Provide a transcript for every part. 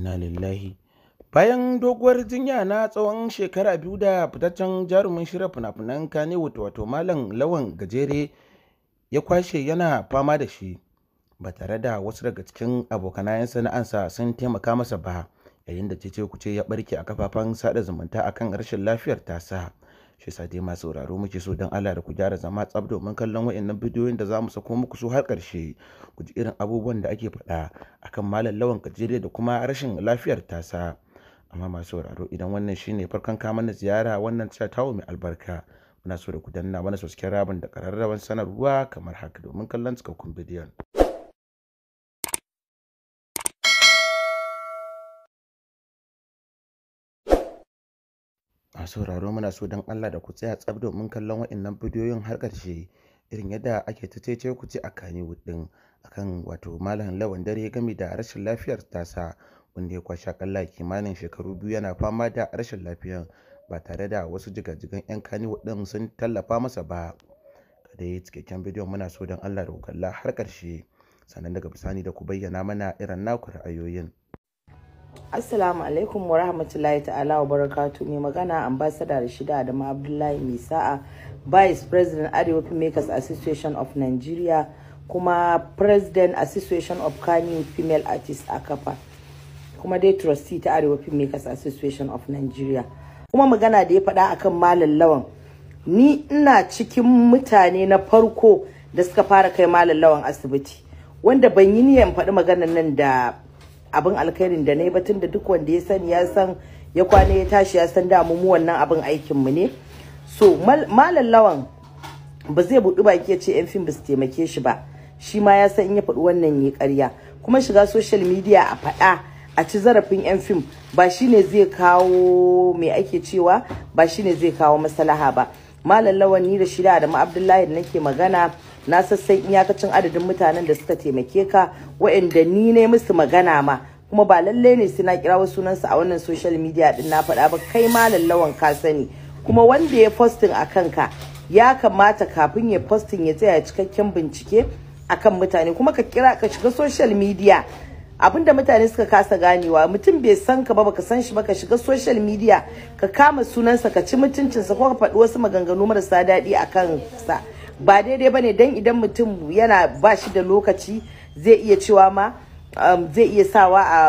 inna lillahi bayan doguwar jinya na tsawon shekara biyu da fitaccen jarumin shirya fina-finan kane wato malam lawan gajere ya kwashe yana fama da shi ba tare da wasu daga cikin abokanayen sana'ansa sun taimaka masa ba yayin da ce kuce ya barke a kafafen sada zumunta akan rashin lafiyar tasa. shi sa dai masu sauraro muke so don Allah da ku gyara zama tsab domin kallon wa'annan bidiyoyin da za mu sako muku su har ƙarshe ku ji irin abubuwan da ake faɗa akan malam lawan gajere da kuma rashin lafiyar tasa amma masu sauraro idan wannan shine farkon kama na ziyara wannan ta tawo mai albarka muna so da ku danna mana rabin da ƙararrawan sanarwa kamar haka domin kallon cikakkun bidiyon masu sauraro muna so don Allah da ku tsaya tsab domin kallon waɗannan bidiyoyin har ƙarshe irin yadda ake ta ku ci a Kannywood ɗin akan wato malam lawan dare gami da rashin lafiyar tasa wanda ya kwashe akalla kimanin shekaru biyu yana fama da rashin lafiyar ba tare da wasu jigajigan 'yan kani ɗin sun tallafa masa ba kadai yi cikakken bidiyon muna so don Allah da ku kalla har ƙarshe sannan daga bisani da ku bayyana mana irin naku ra'ayoyin. Assalamu alaikum wa rahmatullahi ta'ala wa barakatu mai magana ambassador Rashida Adamu Abdullahi Misa'a Vice President Arewa Filmmakers Association of Nigeria kuma President Association of Kani Female Artists Akapa kuma dai trustee ta Arewa Filmmakers Association of Nigeria kuma magana da ya faɗa akan Malam Lawan ni ina cikin mutane na farko da suka fara kai Malam Lawan asibiti wanda ban yi niyyar faɗi maganar nan da abin alkhairin da na yi batun da duk wanda ya sani ya san ya kwana ya tashi ya san damu mu wannan abin aikin mu ne so malam lawan ba zai buɗi baki ya ce yan fim ba su taimake shi ba shi ma ya san in ya faɗi wannan ya ƙarya kuma shiga social media a faɗa a ci zarafin yan fim ba shi ne zai kawo mai ake cewa ba shi ne zai kawo masalaha ba malam lawan ni da shida da ma'abdullahi abdullahi da nake magana na sassan iyakacin adadin mutanen da suka taimake ka waɗanda ni ne musu magana ma kuma ba lallai ne sai kira wasu sunansu a wannan social media din na faɗa ba kai ma lallawan ka sani kuma wanda ya posting a kanka ya kamata kafin ya posting ya tsaya cikakken bincike akan mutane kuma ka kira ka shiga social media da mutane suka kasa ganewa mutum bai san ka ba baka san shi ba ka shiga social media ka kama sunansa ka ci mutuncinsa ko ka faɗi wasu maganganu marasa daɗi a kansa ba daidai ba ne dan idan mutum yana ba shi da lokaci zai iya cewa ma um, zai iya sawa a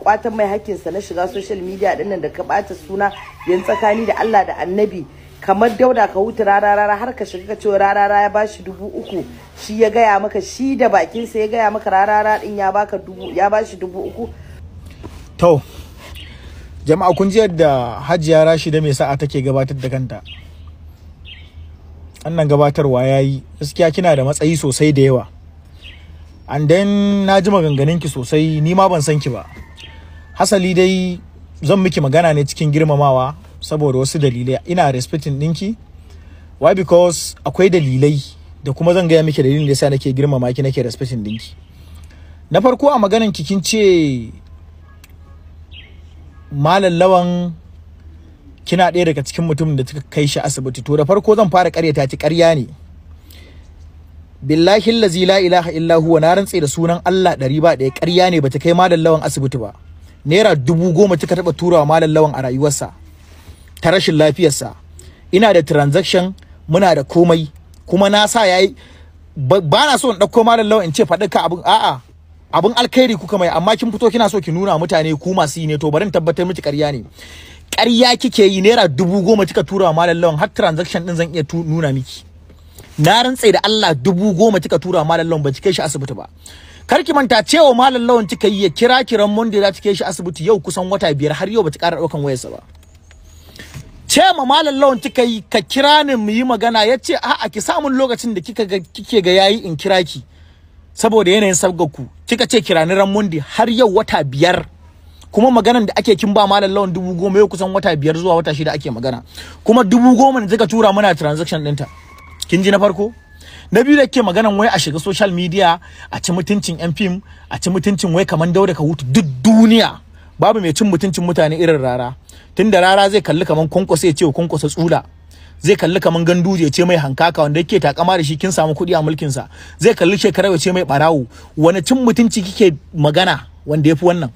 kwatan mai hakkinsa na shiga social media dinnan da ka bata suna yan tsakani da Allah da Annabi kamar dauda ka huta rara har ka shiga ka ce rara rara ya bashi dubu uku shi ya gaya maka shi da bakinsa ya gaya maka rara din ya baka dubu ya bashi dubu uku to jama'a kun ji yadda hajiya rashida mai sa'a take gabatar da kanta wannan gabatarwa ya yi gaskiya kina da matsayi sosai da yawa and then na ji maganganun ki sosai ni ma ban san ki ba hasali dai zan miki magana ne cikin girmamawa saboda wasu dalilai ina respecting ɗinki why because akwai dalilai da kuma zan gaya miki dalilin da yasa nake girmama ki nake respecting ɗinki na farko a maganan ki kin ce malallawan. kina ɗaya daga cikin mutumin da kika kai shi asibiti to da farko zan fara ƙaryata ki karya ne billahi allazi la ilaha illa huwa na rantse da sunan Allah ɗari ba ɗaya karya ne bata kai malam lawan asibiti ba naira dubu goma kika taɓa turawa malam lawan a rayuwarsa ta rashin lafiyarsa ina da transaction muna da komai kuma na sa yayi ba na so in ɗauko malam lawan in ce faɗi ka abin a'a abin alkhairi kuka mai amma kin fito kina so ki nuna mutane ku masu yi ne to bari in tabbatar miki ƙarya ne ƙarya kike yi naira dubu goma kika tura wa malam lawan har transaction din zan iya nuna miki na rantse da Allah dubu goma kika tura wa malam lawan ba kike shi asibiti ba kar ki manta cewa malam lawan kika yi ya kira kiran Monday da kike shi asibiti yau kusan wata biyar har yau bata ƙara ɗaukan wayarsa ba ce ma malam lawan kika yi ka kira ni mu yi magana ya ce a'a ki samun lokacin da kika ga kike ga yayi in kira ki saboda yanayin sabgar ku kika ce kira ni ran Monday har yau wata biyar kuma maganan da ake kin ba malam lawan dubu goma yau kusan wata biyar zuwa wata shida ake magana kuma dubu goma da zaka tura muna transaction ɗinta kin ji na farko na biyu da ke maganan wai a shiga social media a ci mutuncin yan fim a ci mutuncin wai kamar dauda ka hutu duk duniya babu mai cin mutuncin mutane irin rara tunda rara zai kalli kaman kwankwasa ya ce kwankwasa tsula zai kalli kaman gandu ya ce mai hankaka wanda yake takama da shi kin samu kuɗi a mulkin sa zai kalli shekara ya ce mai barawo wani cin mutunci kike magana wanda yafi wannan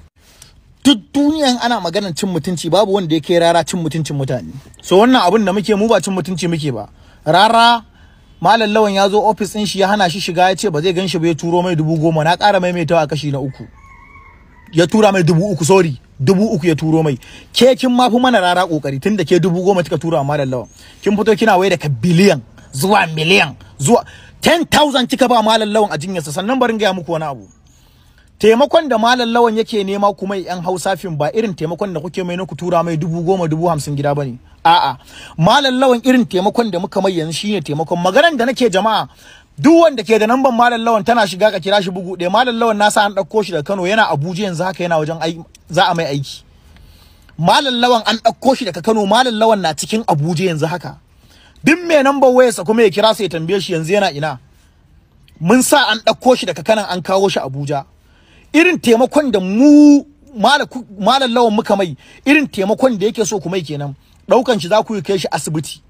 duk duniyan ana maganar cin mutunci babu wanda yake rara cin mutuncin mutane so wannan abin da muke mu ba cin mutunci muke ba rara malam lawan ya zo ofis din shi ya hana shi shiga ya ce ba zai gan ba ya turo mai dubu goma na ƙara maimaitawa kashi na uku ya tura mai dubu uku sorry dubu uku ya turo mai ke kin ma fi mana rara kokari tun da ke dubu goma kika tura malam lawan kin fito kina waye daga biliyan zuwa miliyan zuwa 10,000 kika ba malam lawan a jinyarsa sannan barin gaya muku wani abu taimakon da malam lawan yake nema kuma yan hausa fim ba irin taimakon da kuke mai na ku tura mai dubu goma dubu hamsin gida bane a'a malam lawan irin taimakon da muka mai yanzu shine taimakon maganar da nake jama'a duk wanda ke da namban malam lawan tana shiga ka kira shi bugu ɗaya malam lawan nasa an ɗauko shi da Kano yana Abuja yanzu haka yana wajen za a mai aiki malam lawan an ɗauko shi daga Kano malam lawan na cikin Abuja yanzu haka duk mai waya sa kuma ya kira sai ya tambaye shi yanzu yana ina mun sa an ɗauko shi daga kanan an kawo shi Abuja irin taimakon da mu malam lawan muka mai irin taimakon da yake so ku mai kenan daukan shi za ku kai shi asibiti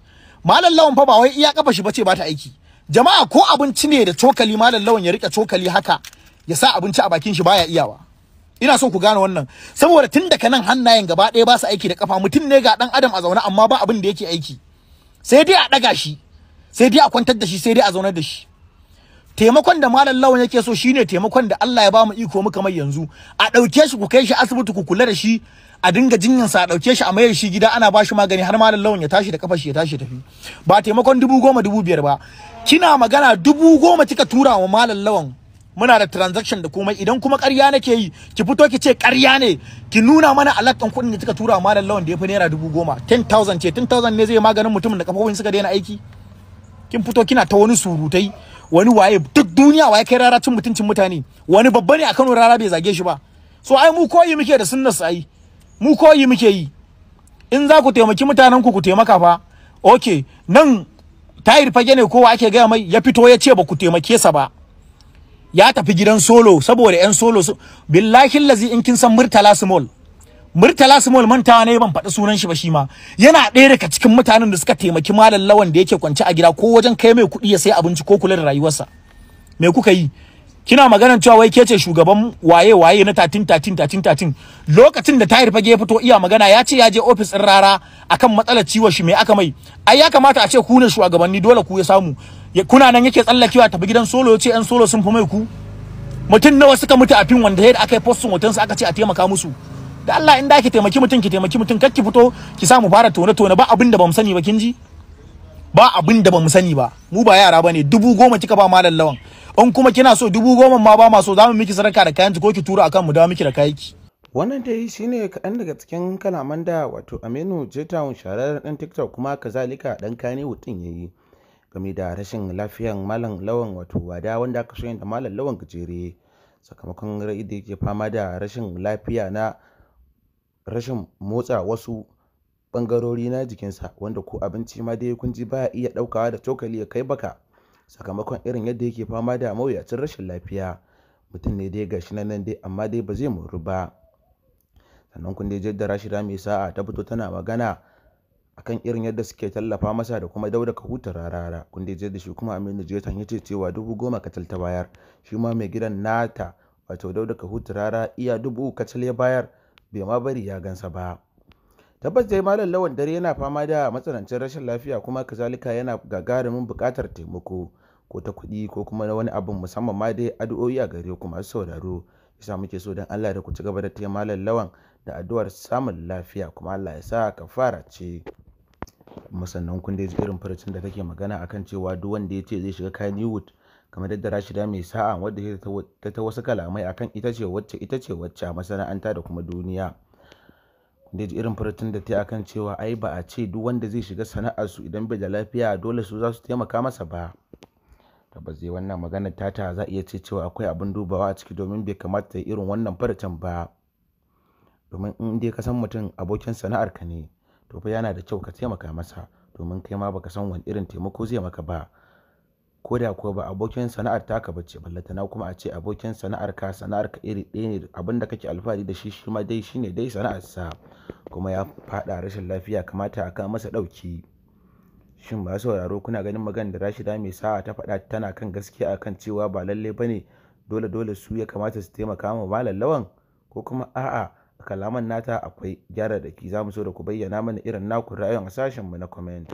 malam lawan fa ba wai iya kafa shi bace ba ta aiki jama'a ko abinci ne da cokali malam lawan ya rike cokali haka ya sa abinci a bakin shi baya iyawa ina so ku gane wannan saboda tun daga nan hannayen gaba ɗaya ba su aiki da kafa mutum ne ga dan adam a zaune amma ba abin da yake aiki sai dai a daga shi sai dai a kwantar da shi sai dai a zaunar da shi taimakon da malam lawan yake so shine taimakon da Allah ya ba mu iko muka mai yanzu a dauke shi ku kai shi asibiti ku kula da shi a dinga jinyan sa a dauke shi a mayar shi gida ana ba shi magani har malam lawan ya tashi da kafar shi ya tashi tafi ba taimakon dubu goma dubu biyar ba kina magana dubu goma kika tura wa malam lawan muna da transaction da komai idan kuma ƙarya nake yi ki fito ki ce ƙarya ne ki nuna mana alaƙan kuɗin da kika tura wa malam lawan da ya fi naira dubu goma ten thousand ce ten thousand ne zai maganin mutumin da kafofin suka daina aiki kin fito kina ta wani surutai wani waye duk duniya waye kai rara cin mutuncin mutane wani babba ne a Kano rara bai zage shi ba so ai mu koyi muke da sunnar sai mu koyi muke yi in za ku taimaki mutanen ku ku taimaka fa okay nan tayir fage ne kowa ake gaya mai ya fito ya ce ba ku taimake sa ba ya tafi gidan solo saboda yan solo billahi lazi in kin san murtala small Murtala small mantawa ne ban faɗi sunan shi ba shi ma yana ɗaya daga cikin mutanen da suka taimaki malam lawan da yake kwance a gida ko wajen kai mai kuɗi ya sai abinci ko kula da rayuwarsa me kuka yi kina maganan cewa wai ke ce shugaban waye waye na tatin tatin tatin tatin lokacin da tayar fage ya fito iya magana ya ce ya je ofis ɗin rara akan matsalar ciwo shi me aka mai ai ya kamata a ce ku ne shugabanni dole ku ya samu kuna nan yake tsallakewa tafi gidan solo ya ce yan solo sun fi mai ku mutum nawa suka mutu a fin wanda ya da aka yi postin hotonsa aka ce a taimaka musu da Allah in da ki taimaki mutum ki taimaki mutum kar ki fito ki samu fara tone tone ba abin da bamu sani ba kin ba abin da bamu sani ba mu ba yara bane dubu goma kika ba malam lawan in kuma kina so dubu goma ma ba ma so zamu miki sadaka da kayanki ko ki tura akan mu da miki da kayanki wannan dai shine kaɗan daga cikin kalaman da wato aminu jetown shahararren ɗan tiktok kuma kazalika dan kane hutun ya yi game da rashin lafiyan malam lawan wato wada wanda aka so da malam lawan gajere sakamakon ra'ayi da yake fama da rashin lafiya na rashin motsa wasu ɓangarori na jikinsa wanda ko abinci ma dai kun ji baya iya ɗaukawa da cokali ya kai baka sakamakon irin yadda yake fama da mawuyacin rashin lafiya mutum ne dai gashi nan dai amma dai ba zai muru ba sannan kun dai jaddara rashida mai sa'a ta fito tana magana akan irin yadda suke tallafa masa da kuma dauda ka hutu rarara kun dai jaddada shi kuma aminu jetan ya ce cewa dubu goma kacal ta bayar shi ma mai gidan nata wato dauda ka hutu rara iya dubu kacal ya bayar bai ma bari ya gansa ba tabbas dai malam lawan dare yana fama da matsanancin rashin lafiya kuma kazalika yana gagarumin buƙatar taimako ko ta kuɗi ko kuma na wani abin musamman ma dai addu'o'i a gare ku masu sauraro yasa muke so don Allah da ku ci gaba da taya malam lawan da addu'ar samun lafiya kuma Allah ya sa ka fara ce musannan kun dai irin furucin da kake magana akan cewa duk wanda ya ce zai shiga Kannywood kamar daddara shida mai sa'a wadda ta ta wasu kalamai akan ita ce wacce ita ce wacce a masana'anta da kuma duniya da irin furtun da ta akan cewa ai ba a ce duk wanda zai shiga sana'ar su idan bai da lafiya dole su za su taimaka masa ba tabbas dai wannan magana tata za iya ce cewa akwai abin dubawa a ciki domin bai kamata yi irin wannan furtun ba domin in dai ka san mutum abokin sana'ar ka ne to fa yana da kyau ka taimaka masa domin kai ma baka san wani irin taimako zai maka ba ko da kuwa ba abokin sana'ar taka bace na kuma a ce abokin sana'ar ka sana'ar ka iri ɗaya ne abin da kake alfahari da shi shi ma dai shine dai sana'ar sa kuma ya faɗa rashin lafiya kamata a kan masa ɗauki shin ba sauraro kuna ganin magana da rashida mai sa'a ta faɗa tana kan gaskiya akan cewa ba lalle bane dole dole su ya kamata su taimaka ma malam lawan ko kuma a'a a kalaman nata akwai gyara da ki za mu so da ku bayyana mana irin naku ra'ayin a mu na comment